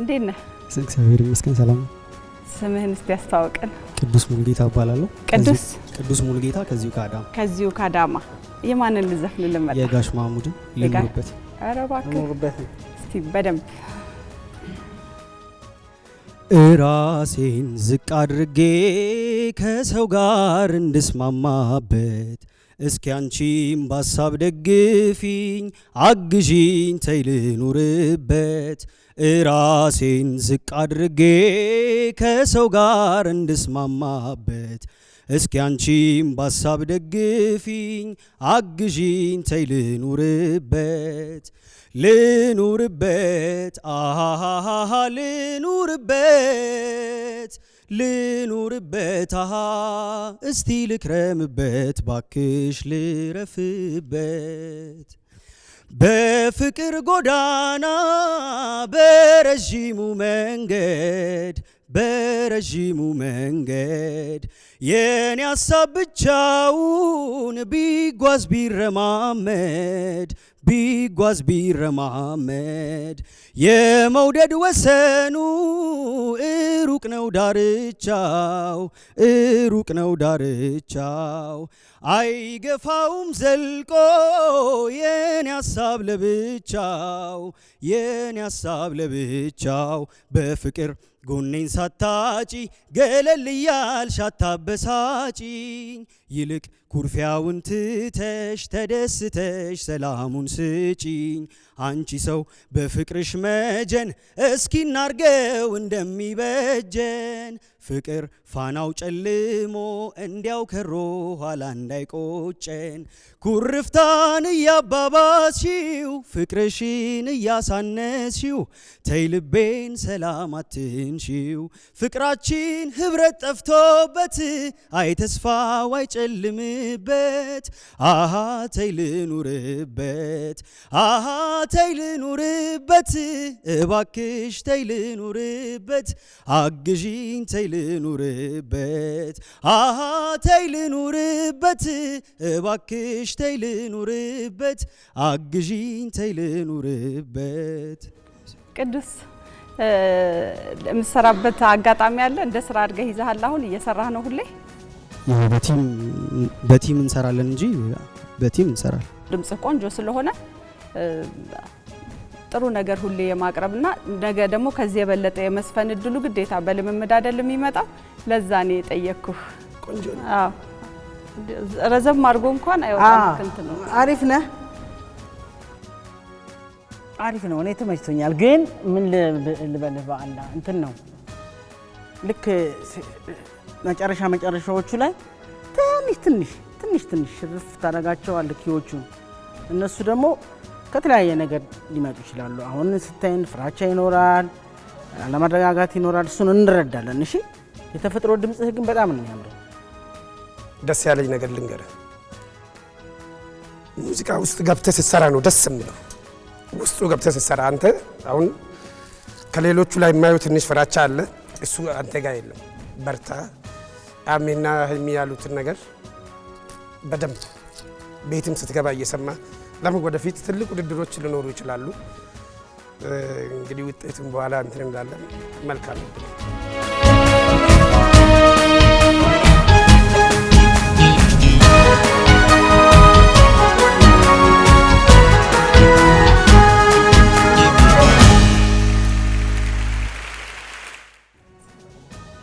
እንዴት ነህ? እግዚአብሔር ይመስገን ሰላም። ስምህን እስቲ ያስተዋውቀን። ቅዱስ ሙሉጌታ እባላለሁ። ቅዱስ ቅዱስ ሙሉጌታ ከዚሁ ከአዳማ ከዚሁ ከአዳማ። የማንን ልዘፍን ልመጣ? የጋሽ ማሙድን ልኑርበት። ኧረ እባክህ እስቲ በደንብ እራሴን ዝቅ አድርጌ ከሰው ጋር እንድስማማበት እስኪ አንቺም ባሳብ ደግፊኝ አግዢኝ ተይልኑርበት እራሴን ዝቅ አድርጌ ከሰው ጋር እንድስማማበት እስኪ አንቺም ባሳብ ደግፊኝ አግዢኝ ተይ ልኑርበት ልኑርበት አሃሃሃ ልኑርበት ልኑርበት አሃ እስቲ ልክረምበት ባክሽ ልረፍበት በፍቅር ጎዳና በረዥሙ መንገድ በረዥሙ መንገድ የኔ ሀሳብ ብቻውን ቢጓዝ ቢረማመድ ቢጓዝ ቢረማመድ የመውደድ ወሰኑ ሩቅ ነው ዳርቻው ሩቅ ነው ዳርቻው አይገፋውም ዘልቆ የኔ ሀሳብ ለብቻው የኔ ሀሳብ ለብቻው በፍቅር ጎኔን ሳታጪ ገለል እያልሽ አታበሳጪኝ፣ ይልቅ ኩርፊያውን ትተሽ ተደስተሽ ሰላሙን ስጪኝ። አንቺ ሰው በፍቅርሽ መጀን እስኪናርገው እንደሚበጀን ፍቅር ፋናው ጨልሞ እንዲያው ከሮ ኋላ እንዳይቆጨን ኩርፍታን እያባባስሺው ፍቅርሽን እያሳነስሺው ተይ ልቤን ሰላም አትንሺው። ፍቅራችን ህብረት ጠፍቶበት አይ ተስፋ ዋይጨልምበት አሃ ተይ ልኑርበት አሃ ተይ ልኑርበት እባክሽ ተይ ልኑርበት አግዢኝ ተይ ልኑርበት አሃ ተይ ልኑርበት እባክሽ ተይ ልኑርበት አግዢኝ ተይ ልኑርበት። ቅዱስ የምትሰራበት አጋጣሚ አለ? እንደ ስራ አድርገህ ይዘሃል? አሁን እየሰራህ ነው? ሁሌ በቲም እንሰራለን እንጂ በቲም እንሰራለን። ድምጽህ ቆንጆ ስለሆነ ጥሩ ነገር ሁሌ የማቅረብና ነገ ደግሞ ከዚህ የበለጠ የመስፈን እድሉ ግዴታ በልምምድ አይደል የሚመጣው። ለዛ ነው የጠየቅኩህ። ቆንጆ ረዘም አድርጎ እንኳን አይወጣም። ነው። አሪፍ ነህ። አሪፍ ነው። እኔ ተመችቶኛል። ግን ምን ልበልህ፣ በአላ እንትን ነው ልክ መጨረሻ መጨረሻዎቹ ላይ ትንሽ ትንሽ ትንሽ ትንሽ ርፍ ታደርጋቸዋለህ ኪዎቹን እነሱ ደግሞ ከተለያየ ነገር ሊመጡ ይችላሉ። አሁን ስታይን ፍራቻ ይኖራል፣ አለመረጋጋት ይኖራል። እሱን እንረዳለን። እሺ የተፈጥሮ ድምፅህ ግን በጣም ነው የሚያምረው። ደስ ያለኝ ነገር ልንገርህ፣ ሙዚቃ ውስጥ ገብተህ ስትሰራ ነው ደስ የሚለው። ውስጡ ገብተህ ስትሰራ አንተ አሁን ከሌሎቹ ላይ የማዩ ትንሽ ፍራቻ አለ፣ እሱ አንተ ጋር የለም። በርታ አሜና ህሚ ያሉትን ነገር በደንብ ቤትም ስትገባ እየሰማ ለምን ወደፊት ትልቅ ውድድሮች ሊኖሩ ይችላሉ። እንግዲህ ውጤቱን በኋላ እንትን እንዳለን መልካም ነው።